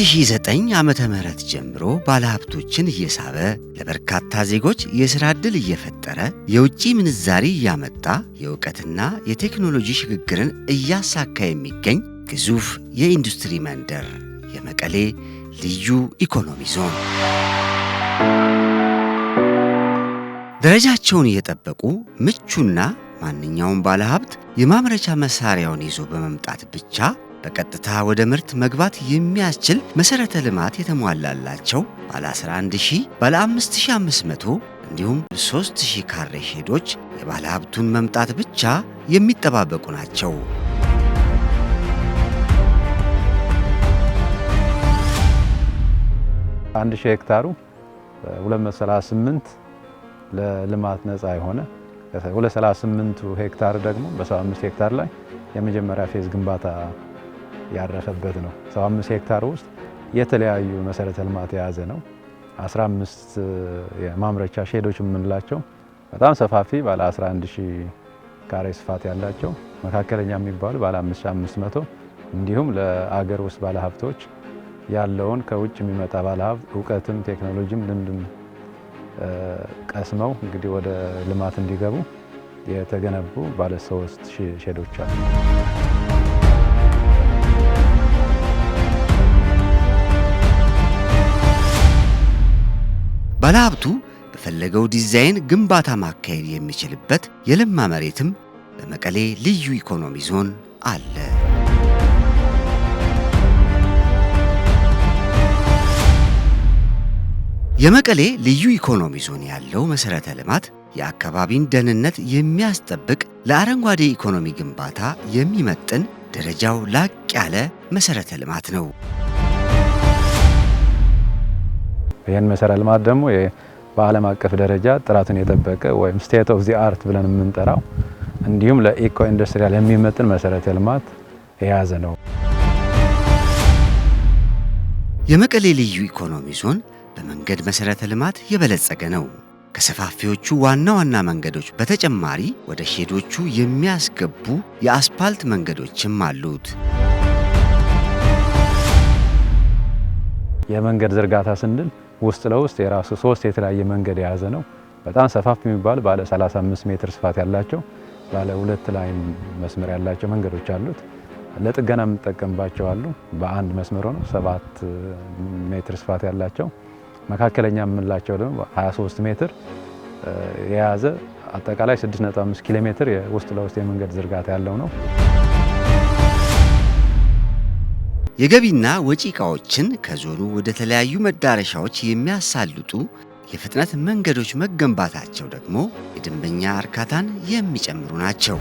2009 ዓመተ ምህረት ጀምሮ ባለሀብቶችን እየሳበ ለበርካታ ዜጎች የሥራ ዕድል እየፈጠረ የውጭ ምንዛሪ እያመጣ የእውቀትና የቴክኖሎጂ ሽግግርን እያሳካ የሚገኝ ግዙፍ የኢንዱስትሪ መንደር የመቀሌ ልዩ ኢኮኖሚ ዞን ደረጃቸውን እየጠበቁ ምቹና ማንኛውም ባለሀብት የማምረቻ መሳሪያውን ይዞ በመምጣት ብቻ በቀጥታ ወደ ምርት መግባት የሚያስችል መሰረተ ልማት የተሟላላቸው ባለ 11 ሺህ ባለ 5500 እንዲሁም 3000 ካሬ ሼዶች የባለ ሀብቱን መምጣት ብቻ የሚጠባበቁ ናቸው። አንድ ሺህ ሄክታሩ 238 ለልማት ነፃ የሆነ 238ቱ ሄክታር ደግሞ በ75 ሄክታር ላይ የመጀመሪያ ፌዝ ግንባታ ያረፈበት ነው። 75 ሄክታር ውስጥ የተለያዩ መሰረተ ልማት የያዘ ነው። 15 የማምረቻ ሼዶች የምንላቸው በጣም ሰፋፊ ባለ 11 ሺህ ካሬ ስፋት ያላቸው መካከለኛ የሚባሉ ባለ 5500 እንዲሁም ለአገር ውስጥ ባለሀብቶች ያለውን ከውጭ የሚመጣ ባለሀብት እውቀትም ቴክኖሎጂም ልምድም ቀስመው እንግዲህ ወደ ልማት እንዲገቡ የተገነቡ ባለ ሶስት ሼዶች አሉ። ባለሀብቱ በፈለገው ዲዛይን ግንባታ ማካሄድ የሚችልበት የለማ መሬትም በመቀሌ ልዩ ኢኮኖሚ ዞን አለ። የመቀሌ ልዩ ኢኮኖሚ ዞን ያለው መሠረተ ልማት የአካባቢን ደህንነት የሚያስጠብቅ ለአረንጓዴ ኢኮኖሚ ግንባታ የሚመጥን ደረጃው ላቅ ያለ መሠረተ ልማት ነው። ይህን መሰረተ ልማት ደግሞ በዓለም አቀፍ ደረጃ ጥራቱን የጠበቀ ወይም ስቴት ኦፍ ዚ አርት ብለን የምንጠራው እንዲሁም ለኢኮ ኢንዱስትሪያል የሚመጥን መሰረተ ልማት የያዘ ነው። የመቀሌ ልዩ ኢኮኖሚ ዞን በመንገድ መሰረተ ልማት የበለጸገ ነው። ከሰፋፊዎቹ ዋና ዋና መንገዶች በተጨማሪ ወደ ሼዶቹ የሚያስገቡ የአስፓልት መንገዶችም አሉት። የመንገድ ዝርጋታ ስንል ውስጥ ለውስጥ የራሱ ሶስት የተለያየ መንገድ የያዘ ነው። በጣም ሰፋፊ የሚባል ባለ 35 ሜትር ስፋት ያላቸው ባለ ሁለት ላይን መስመር ያላቸው መንገዶች አሉት። ለጥገና የምንጠቀምባቸው አሉ። በአንድ መስመር ሆነው 7 ሜትር ስፋት ያላቸው መካከለኛ የምንላቸው ደግሞ 23 ሜትር የያዘ አጠቃላይ 6.5 ኪሎ ሜትር የውስጥ ለውስጥ የመንገድ ዝርጋታ ያለው ነው። የገቢና ወጪ ዕቃዎችን ከዞኑ ወደ ተለያዩ መዳረሻዎች የሚያሳልጡ የፍጥነት መንገዶች መገንባታቸው ደግሞ የደንበኛ እርካታን የሚጨምሩ ናቸው።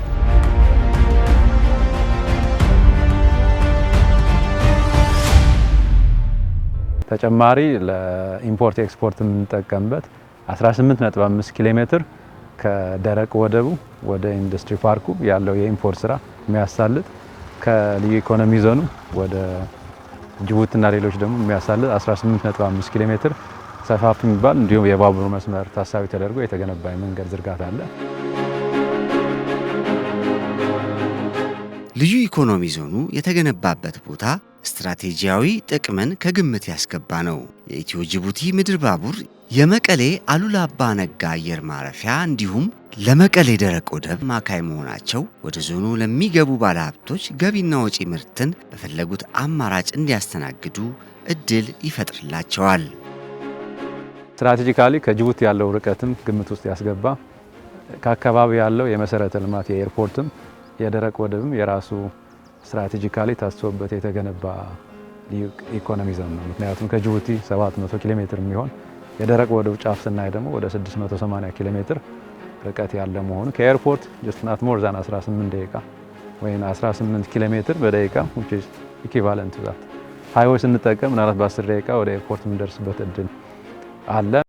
ተጨማሪ ለኢምፖርት ኤክስፖርት የምንጠቀምበት 18.5 ኪሎ ሜትር ከደረቅ ወደቡ ወደ ኢንዱስትሪ ፓርኩ ያለው የኢምፖርት ስራ የሚያሳልጥ ከልዩ ኢኮኖሚ ዞኑ ወደ ጅቡቲና ሌሎች ደግሞ የሚያሳልጥ 18.5 ኪሎ ሜትር ሰፋፊ የሚባል እንዲሁም የባቡር መስመር ታሳቢ ተደርጎ የተገነባ የመንገድ ዝርጋታ አለ። ልዩ ኢኮኖሚ ዞኑ የተገነባበት ቦታ ስትራቴጂያዊ ጥቅምን ከግምት ያስገባ ነው። የኢትዮ ጅቡቲ ምድር ባቡር የመቀሌ አሉላ አባ ነጋ አየር ማረፊያ እንዲሁም ለመቀሌ ደረቅ ወደብ ማካይ መሆናቸው ወደ ዞኑ ለሚገቡ ባለሀብቶች ገቢና ወጪ ምርትን በፈለጉት አማራጭ እንዲያስተናግዱ እድል ይፈጥርላቸዋል። ስትራቴጂካሊ ከጅቡቲ ያለው ርቀትም ግምት ውስጥ ያስገባ ከአካባቢ ያለው የመሰረተ ልማት የኤርፖርትም የደረቅ ወደብም የራሱ ስትራቴጂካሊ ታስቦበት የተገነባ ኢኮኖሚ ዞን ነው። ምክንያቱም ከጅቡቲ 700 ኪሎ ሜትር የሚሆን የደረቅ ወደብ ጫፍ ስናይ ደግሞ ወደ 680 ኪሎ ሜትር ርቀት ያለ መሆኑ ከኤርፖርት ጀስት ናት ሞር ዛን 18 ደቂቃ ወይም 18 ኪሎ ሜትር በደቂቃ ኢኪቫለንት ዛት equivalent ሃይዌይ ስንጠቀም ምናልባት በ10 ደቂቃ ወደ ኤርፖርት የምንደርስበት እድል አለ።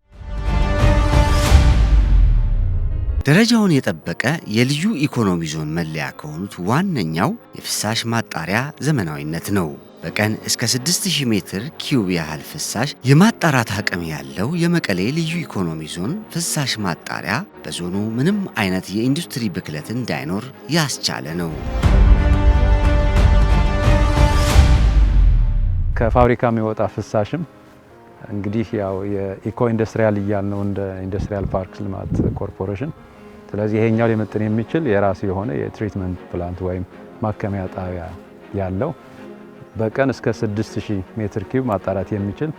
ደረጃውን የጠበቀ የልዩ ኢኮኖሚ ዞን መለያ ከሆኑት ዋነኛው የፍሳሽ ማጣሪያ ዘመናዊነት ነው። በቀን እስከ 6000 ሜትር ኪዩብ ያህል ፍሳሽ የማጣራት አቅም ያለው የመቀሌ ልዩ ኢኮኖሚ ዞን ፍሳሽ ማጣሪያ በዞኑ ምንም አይነት የኢንዱስትሪ ብክለት እንዳይኖር ያስቻለ ነው። ከፋብሪካ የሚወጣ ፍሳሽም እንግዲህ ያው የኢኮ ኢንዱስትሪያል እያልነው እንደ ኢንዱስትሪያል ፓርክ ልማት ኮርፖሬሽን ስለዚህ ይሄኛው ሊመጥን የሚችል የራሱ የሆነ የትሪትመንት ፕላንት ወይም ማከሚያ ጣቢያ ያለው በቀን እስከ 6000 ሜትር ኪዩብ ማጣራት የሚችል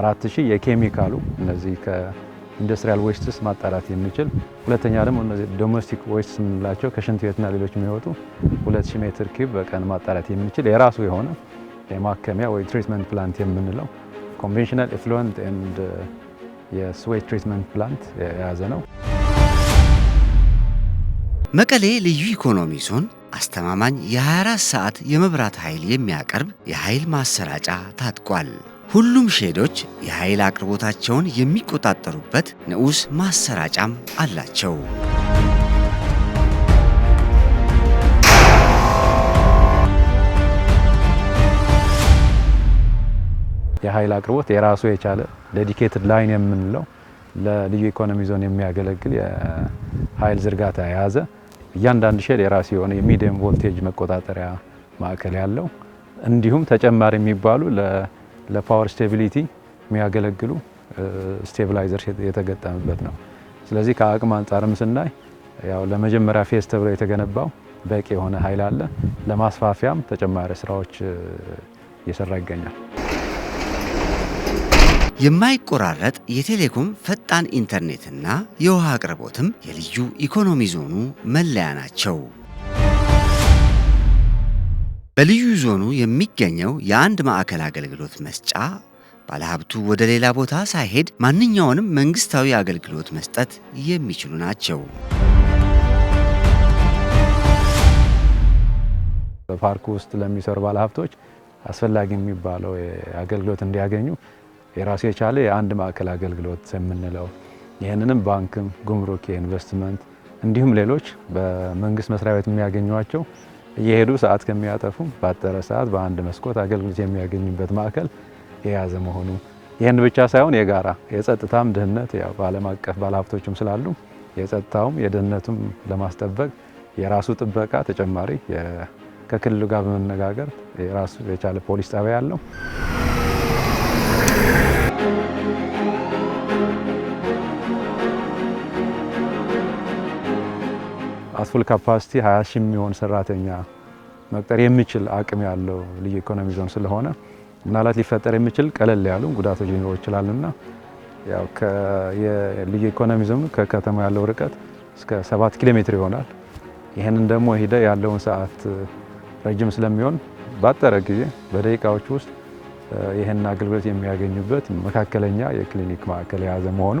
4000 የኬሚካሉ እነዚህ ከኢንዱስትሪያል ዌስትስ ማጣራት የሚችል ሁለተኛ ደግሞ እነዚህ ዶሜስቲክ ዌስትስ የምንላቸው ከሽንት ቤትና ሌሎች የሚወጡ 2000 ሜትር ኪዩብ በቀን ማጣራት የሚችል የራሱ የሆነ የማከሚያ ወይ ትሪትመንት ፕላንት የምንለው ኮንቬንሽናል ኢፍሉዌንት ኤንድ የስዌት ትሪትመንት ፕላንት የያዘ ነው። መቀሌ ልዩ ኢኮኖሚ ዞን አስተማማኝ የ24 ሰዓት የመብራት ኃይል የሚያቀርብ የኃይል ማሰራጫ ታጥቋል። ሁሉም ሼዶች የኃይል አቅርቦታቸውን የሚቆጣጠሩበት ንዑስ ማሰራጫም አላቸው። የኃይል አቅርቦት የራሱ የቻለ ዴዲኬትድ ላይን የምንለው ለልዩ ኢኮኖሚ ዞን የሚያገለግል የኃይል ዝርጋታ የያዘ እያንዳንድ ሼድ የራሱ የሆነ የሚዲየም ቮልቴጅ መቆጣጠሪያ ማዕከል ያለው እንዲሁም ተጨማሪ የሚባሉ ለፓወር ስቴቢሊቲ የሚያገለግሉ ስቴብላይዘር የተገጠመበት ነው። ስለዚህ ከአቅም አንጻርም ስናይ ያው ለመጀመሪያ ፌስ ተብሎ የተገነባው በቂ የሆነ ኃይል አለ። ለማስፋፊያም ተጨማሪ ስራዎች እየሰራ ይገኛል። የማይቆራረጥ የቴሌኮም ፈጣን ኢንተርኔትና የውሃ አቅርቦትም የልዩ ኢኮኖሚ ዞኑ መለያ ናቸው። በልዩ ዞኑ የሚገኘው የአንድ ማዕከል አገልግሎት መስጫ ባለሀብቱ ወደ ሌላ ቦታ ሳይሄድ ማንኛውንም መንግስታዊ አገልግሎት መስጠት የሚችሉ ናቸው። በፓርክ ውስጥ ለሚሰሩ ባለሀብቶች አስፈላጊ የሚባለው አገልግሎት እንዲያገኙ የራሱ የቻለ የአንድ ማዕከል አገልግሎት የምንለው ይህንንም ባንክም፣ ጉምሩክ፣ የኢንቨስትመንት እንዲሁም ሌሎች በመንግስት መስሪያ ቤት የሚያገኟቸው እየሄዱ ሰዓት ከሚያጠፉ ባጠረ ሰዓት በአንድ መስኮት አገልግሎት የሚያገኙበት ማዕከል የያዘ መሆኑ ይህን ብቻ ሳይሆን የጋራ የጸጥታም ደህንነት ያው በዓለም አቀፍ ባለሀብቶችም ስላሉ የጸጥታውም የደህንነቱም ለማስጠበቅ የራሱ ጥበቃ ተጨማሪ ከክልሉ ጋር በመነጋገር የራሱ የቻለ ፖሊስ ጣቢያ ያለው አትፉል ካፓሲቲ 20 ሺህ የሚሆን ሰራተኛ መቅጠር የሚችል አቅም ያለው ልዩ ኢኮኖሚ ዞን ስለሆነ ምናልባት ሊፈጠር የሚችል ቀለል ያሉ ጉዳቶች ሊኖሩ ይችላሉና ያው ልዩ ኢኮኖሚ ዞኑ ከከተማ ያለው ርቀት እስከ 7 ኪሎ ሜትር ይሆናል። ይህንን ደግሞ ሂደ ያለውን ሰዓት ረጅም ስለሚሆን ባጠረ ጊዜ በደቂቃዎች ውስጥ ይህን አገልግሎት የሚያገኙበት መካከለኛ የክሊኒክ ማዕከል የያዘ መሆኑ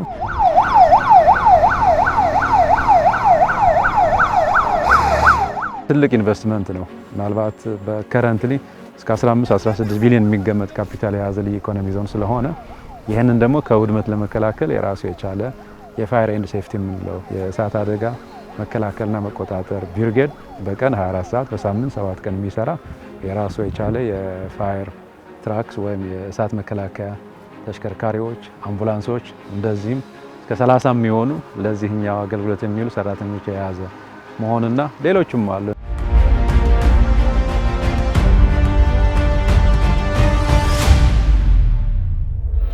ትልቅ ኢንቨስትመንት ነው። ምናልባት በከረንትሊ እስከ 15-16 ቢሊዮን የሚገመት ካፒታል የያዘ ልዩ ኢኮኖሚ ዞን ስለሆነ ይህንን ደግሞ ከውድመት ለመከላከል የራሱ የቻለ የፋየር ኤንድ ሴፍቲ የምንለው የእሳት አደጋ መከላከልና መቆጣጠር ቢርጌድ በቀን 24 ሰዓት በሳምንት 7 ቀን የሚሰራ የራሱ የቻለ የፋየር ትራክስ ወይም የእሳት መከላከያ ተሽከርካሪዎች፣ አምቡላንሶች እንደዚህም እስከ 30 የሚሆኑ ለዚህኛው አገልግሎት የሚውሉ ሰራተኞች የያዘ መሆንና ሌሎችም አሉ።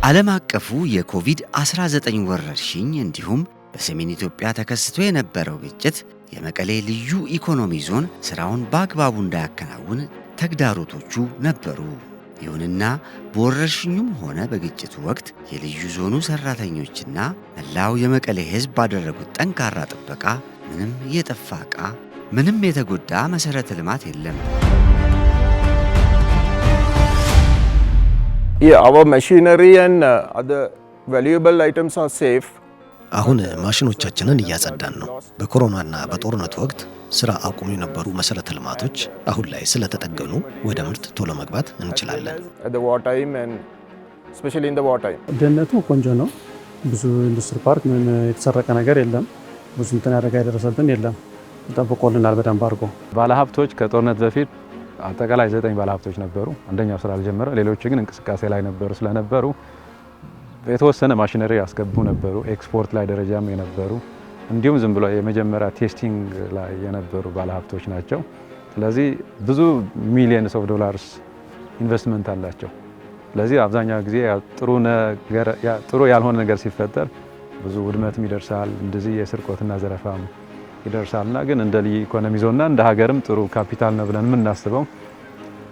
ዓለም አቀፉ የኮቪድ-19 ወረርሽኝ እንዲሁም በሰሜን ኢትዮጵያ ተከስቶ የነበረው ግጭት የመቀሌ ልዩ ኢኮኖሚ ዞን ሥራውን በአግባቡ እንዳያከናውን ተግዳሮቶቹ ነበሩ። ይሁንና በወረርሽኙም ሆነ በግጭቱ ወቅት የልዩ ዞኑ ሠራተኞችና መላው የመቀሌ ሕዝብ ባደረጉት ጠንካራ ጥበቃ ምንም የጠፋ ዕቃ፣ ምንም የተጎዳ መሰረተ ልማት የለም። አሁን ማሽኖቻችንን እያጸዳን ነው። በኮሮናና በጦርነት ወቅት ስራ አቁሙ የነበሩ መሰረተ ልማቶች አሁን ላይ ስለተጠገኑ ወደ ምርት ቶሎ መግባት እንችላለን። ደህንነቱ ቆንጆ ነው። ብዙ ኢንዱስትሪ ፓርክ የተሰረቀ ነገር የለም። ብዙ እንትን አደጋ የደረሰብን የለም። ጠብቆልናል በደንብ አድርጎ። ባለሀብቶች ከጦርነት በፊት አጠቃላይ ዘጠኝ ባለሀብቶች ነበሩ። አንደኛው አልጀመረ ሌሎች ግን እንቅስቃሴ ላይ ነበሩ ስለነበሩ የተወሰነ ማሽነሪ ያስገቡ ነበሩ። ኤክስፖርት ላይ ደረጃም የነበሩ እንዲሁም ዝም ብሎ የመጀመሪያ ቴስቲንግ ላይ የነበሩ ባለሀብቶች ናቸው። ስለዚህ ብዙ ሚሊየንስ ኦፍ ዶላርስ ኢንቨስትመንት አላቸው። ስለዚህ አብዛኛው ጊዜ ጥሩ ያልሆነ ነገር ሲፈጠር ብዙ ውድመትም ይደርሳል፣ እንደዚህ የስርቆትና ዘረፋም ይደርሳልና ግን እንደ ኢኮኖሚ ዞንና እንደ ሀገርም ጥሩ ካፒታል ነው ብለን የምናስበው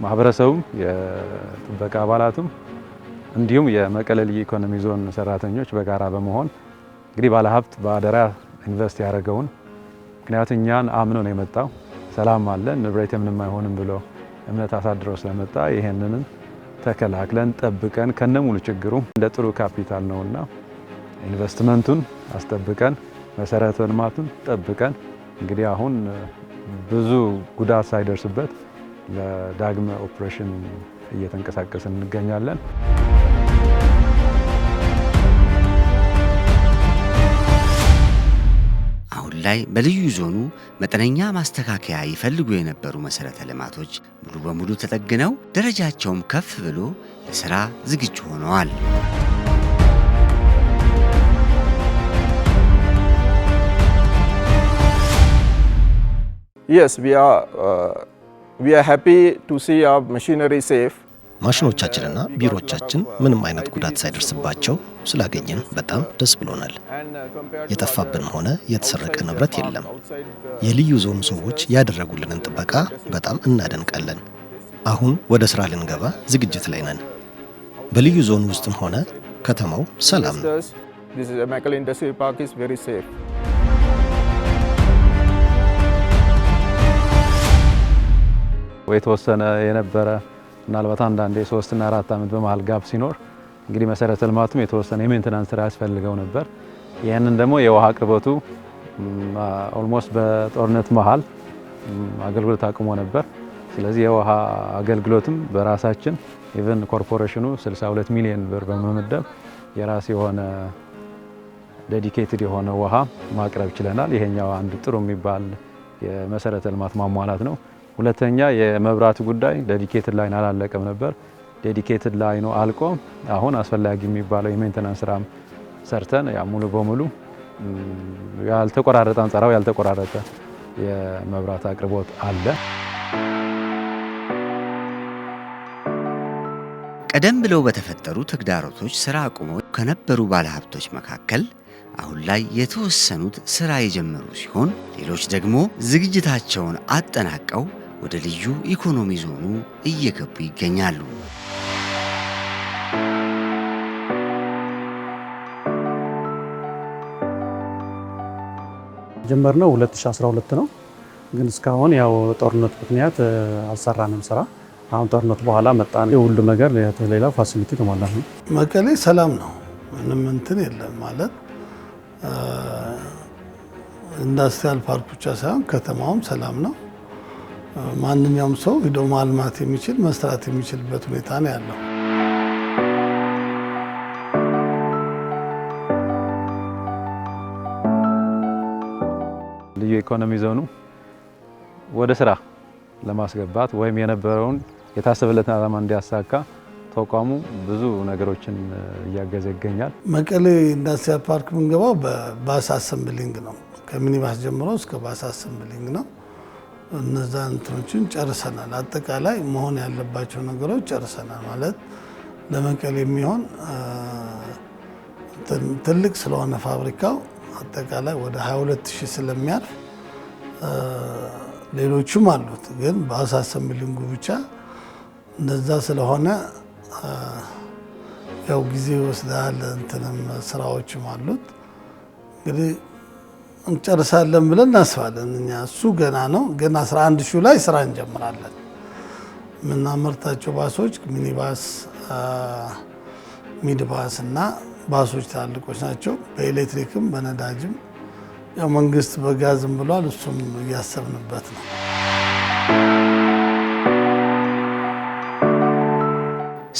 ማህበረሰቡም የጥበቃ አባላቱም እንዲሁም የመቀለል ልዩ ኢኮኖሚ ዞን ሰራተኞች በጋራ በመሆን እንግዲህ ባለሀብት በአደራ ኢንቨስት ያደረገውን ምክንያቱ እኛን አምኖ ነው የመጣው። ሰላም አለ ንብረት ምንም አይሆንም ብሎ እምነት አሳድሮ ስለመጣ ይሄንንም ተከላክለን ጠብቀን ከነሙሉ ችግሩ እንደ ጥሩ ካፒታል ነውና ኢንቨስትመንቱን አስጠብቀን መሰረተ ልማቱን ጠብቀን እንግዲህ አሁን ብዙ ጉዳት ሳይደርስበት ለዳግመ ኦፕሬሽን እየተንቀሳቀስን እንገኛለን። አሁን ላይ በልዩ ዞኑ መጠነኛ ማስተካከያ ይፈልጉ የነበሩ መሰረተ ልማቶች ሙሉ በሙሉ ተጠግነው ደረጃቸውም ከፍ ብሎ ለስራ ዝግጁ ሆነዋል። yes we are uh, ማሽኖቻችንና ቢሮቻችን ምንም አይነት ጉዳት ሳይደርስባቸው ስላገኘን በጣም ደስ ብሎናል። የጠፋብን ሆነ የተሰረቀ ንብረት የለም። የልዩ ዞኑ ሰዎች ያደረጉልንን ጥበቃ በጣም እናደንቃለን። አሁን ወደ ስራ ልንገባ ዝግጅት ላይ ነን። በልዩ ዞን ውስጥም ሆነ ከተማው ሰላም ነው። ወይ የተወሰነ የነበረ ምናልባት አንዳንዴ ሶስትና አራት ዓመት በመሀል ጋብ ሲኖር እንግዲህ መሰረተ ልማቱም የተወሰነ የሜንተናንስ ስራ ያስፈልገው ነበር። ይህንን ደግሞ የውሃ አቅርቦቱ ኦልሞስት በጦርነት መሀል አገልግሎት አቁሞ ነበር። ስለዚህ የውሃ አገልግሎትም በራሳችን ኢቨን ኮርፖሬሽኑ 62 ሚሊዮን ብር በመመደብ የራስ የሆነ ዴዲኬትድ የሆነ ውሃ ማቅረብ ችለናል። ይሄኛው አንድ ጥሩ የሚባል የመሰረተ ልማት ማሟላት ነው። ሁለተኛ የመብራት ጉዳይ ዴዲኬትድ ላይን አላለቀም ነበር። ዴዲኬትድ ላይኑ አልቆ አሁን አስፈላጊ የሚባለው የሜንተናንስ ስራ ሰርተን ያ ሙሉ በሙሉ ያልተቆራረጠ አንጻራዊ ያልተቆራረጠ የመብራት አቅርቦት አለ። ቀደም ብለው በተፈጠሩ ተግዳሮቶች ስራ አቁሞ ከነበሩ ባለሀብቶች መካከል አሁን ላይ የተወሰኑት ስራ የጀመሩ ሲሆን ሌሎች ደግሞ ዝግጅታቸውን አጠናቀው ወደ ልዩ ኢኮኖሚ ዞኑ እየገቡ ይገኛሉ። ነው 2012 ነው፣ ግን እስካሁን ያው ጦርነት ምክንያት አልሰራንም ስራ። አሁን ጦርነት በኋላ መጣ የሁሉ ነገር ሌላ ፋሲሊቲ ተሟላ ነው። መቀሌ ሰላም ነው፣ ምንም እንትን የለም ማለት ኢንዳስትሪያል ፓርክ ብቻ ሳይሆን ከተማውም ሰላም ነው። ማንኛውም ሰው ሂዶ ማልማት የሚችል መስራት የሚችልበት ሁኔታ ነው ያለው። ልዩ ኢኮኖሚ ዞኑ ወደ ስራ ለማስገባት ወይም የነበረውን የታሰበለትን ዓላማ እንዲያሳካ ተቋሙ ብዙ ነገሮችን እያገዘ ይገኛል። መቀሌ ኢንዳስትሪያል ፓርክ የምንገባው በባስ አሰምብሊንግ ነው። ከሚኒባስ ጀምሮ እስከ ባስ አሰምብሊንግ ነው። እነዛን እንትኖችን ጨርሰናል። አጠቃላይ መሆን ያለባቸው ነገሮች ጨርሰናል ማለት ለመቀሌ የሚሆን ትልቅ ስለሆነ ፋብሪካው አጠቃላይ ወደ 22 ስለሚያርፍ ሌሎቹም አሉት፣ ግን በአሳ አሰምብሊንጉ ብቻ እንደዛ ስለሆነ ያው ጊዜ ይወስዳል። እንትንም ስራዎችም አሉት እንግዲህ እንጨርሳለን ብለን እናስባለን። እኛ እሱ ገና ነው። ገና 11 ሺው ላይ ስራ እንጀምራለን። የምናመርታቸው ባሶች ሚኒባስ፣ ሚድባስ እና ባሶች ትላልቆች ናቸው። በኤሌክትሪክም በነዳጅም ያው መንግስት በጋዝም ብሏል። እሱም እያሰብንበት ነው።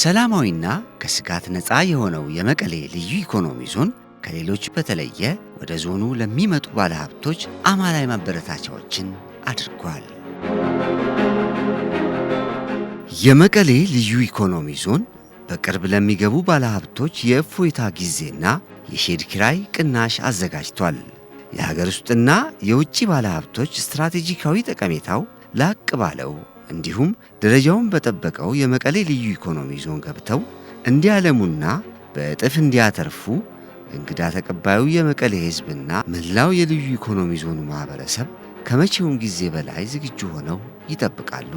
ሰላማዊና ከስጋት ነፃ የሆነው የመቀሌ ልዩ ኢኮኖሚ ዞን ከሌሎች በተለየ ወደ ዞኑ ለሚመጡ ባለሀብቶች አማላይ ማበረታቻዎችን አድርጓል። የመቀሌ ልዩ ኢኮኖሚ ዞን በቅርብ ለሚገቡ ባለሀብቶች የእፎይታ ጊዜና የሼድ ኪራይ ቅናሽ አዘጋጅቷል። የሀገር ውስጥና የውጭ ባለሀብቶች ስትራቴጂካዊ ጠቀሜታው ላቅ ባለው እንዲሁም ደረጃውን በጠበቀው የመቀሌ ልዩ ኢኮኖሚ ዞን ገብተው እንዲያለሙና በእጥፍ እንዲያተርፉ እንግዳ ተቀባዩ የመቀሌ ሕዝብና መላው የልዩ ኢኮኖሚ ዞኑ ማህበረሰብ ከመቼውም ጊዜ በላይ ዝግጁ ሆነው ይጠብቃሉ።